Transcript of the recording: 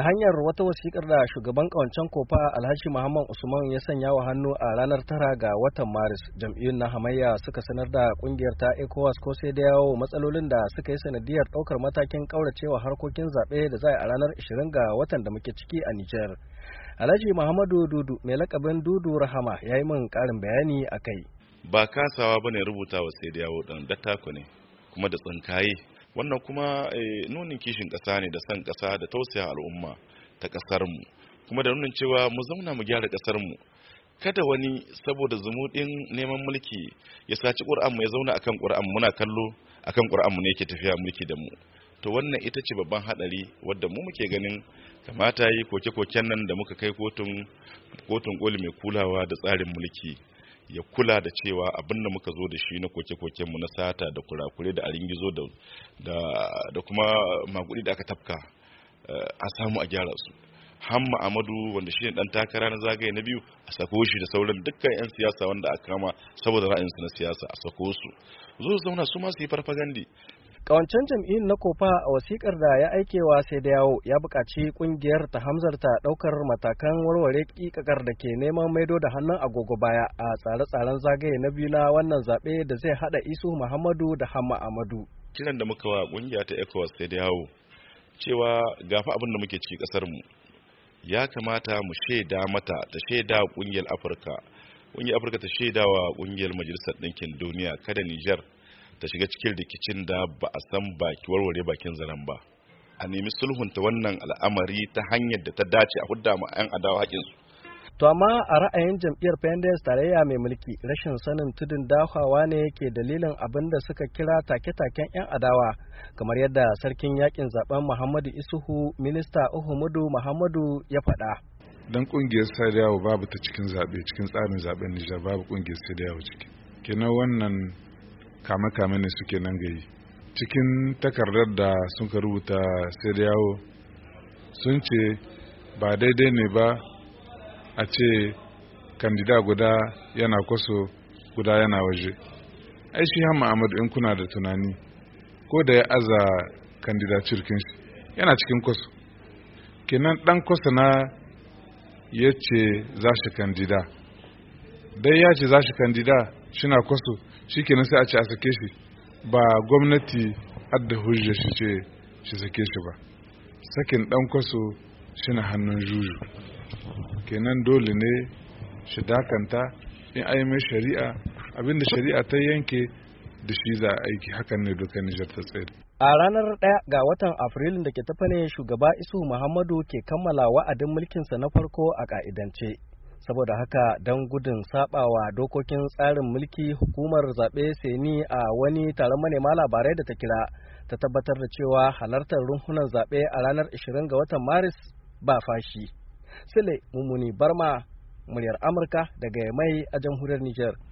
ta hanyar wata wasikar da shugaban ƙawancen kofa alhaji muhammad usman ya sanya wa hannu a ranar tara ga watan maris jam'iyyun na hamayya suka sanar da ƙungiyar ta ecowas ko sai da yawo matsalolin da suka yi sanadiyar ɗaukar matakin ƙauracewa harkokin zaɓe da za a ranar 20 ga watan da muke ciki a nijar alhaji muhammadu dudu mai lakabin dudu rahama ya yi min ƙarin bayani a kai ba kasawa ba ne rubuta wa sai da yawo ɗan dattako ne kuma da tsinkaye wannan kuma eh, nunin kishin ƙasa ne da san ƙasa da tausaya al'umma ta ƙasar mu kuma da nunin cewa mu zauna mu gyara ƙasarmu mu kada wani saboda zumuɗin neman mulki ya saci ƙur'an mu ya zauna akan ƙur'an muna kallo akan ƙur'an mu ne yake tafiya mulki da mu to wannan ita ce babban haɗari wadda mu muke ganin kamata yi koke-koken nan da muka kai kotun kotun koli mai kulawa da tsarin mulki ya kula da cewa abinda muka zo da shi na koke-koken mu na sata da kurakure da aringizo da da kuma magudi da aka tafka eh, a samu a gyara su hamma amadu wanda shi ne dan takara na zagaye na biyu a sako shi da sauran dukkan yan siyasa wanda aka kama saboda ra'ayinsu na siyasa a sako su zo zauna su ma su yi farfagandi Ƙawancen jam'iyyun na kofa a wasikar da ya aikewa sai da yawo ya buƙaci ƙungiyar ta hamzarta ɗaukar matakan warware ƙiƙakar da ke neman maido da hannun agogo baya a tsare-tsaren zagaye na biyu na wannan zaɓe da zai haɗa isu muhammadu da hamma amadu. kiran da muka wa ƙungiya ta ecowas sai da yawo cewa gafa abin da muke ci ƙasar mu ya kamata mu shaida mata ta shaida ƙungiyar afirka ƙungiyar afirka ta shaida wa ƙungiyar majalisar ɗinkin duniya kada nijar ta shiga cikin rikicin da ba a san baki warware bakin zaren ba a nemi sulhunta wannan al'amari ta hanyar da ta dace a hudda ma 'yan adawa haƙinsu to amma a ra'ayin jam'iyyar pendes tarayya mai mulki rashin sanin tudun dafawa ne ke dalilin abin da suka kira take-taken 'yan adawa kamar yadda sarkin yakin zaben muhammadu isuhu minista uhumudu muhammadu ya faɗa dan kungiyar sadiyawa babu ta cikin zaɓe cikin tsarin zaɓen nijar babu kungiyar sadiyawa ciki kenan wannan kame-kame ne suke nan gayi cikin takardar da sun ka rubuta sai da yawo sun ce ba daidai ne ba a ce kandida guda yana kwaso guda yana waje Aishi ya ma'amadu in kuna da tunani ko da ya aza kandida cirkin shi yana cikin kwaso kenan dan kwaso na ya ce za shi kandida dai ya ce za shi kandida shina kwaso kenan sai a ce a sake shi ba gwamnati adda hujja shi ce shi sake shi ba sakin dan kwaso na hannun juju kenan dole ne shi dakanta in ai mai shari'a abinda shari'a ta yanke da shi za a aiki hakan ne dokar Nijar ta tsaye. A ranar ɗaya ga watan Afrilun da ke tafane shugaba Isu Muhammadu ke kammala wa'adin mulkinsa na farko a ka'idance. saboda haka don gudun sabawa dokokin tsarin mulki hukumar zaɓe seni a wani taron manema labarai da ta kira ta tabbatar da cewa halartar runhunan zaɓe a ranar 20 ga watan maris ba fashi sile mummuni barma muryar amurka daga mai a jamhuriyar Nijar.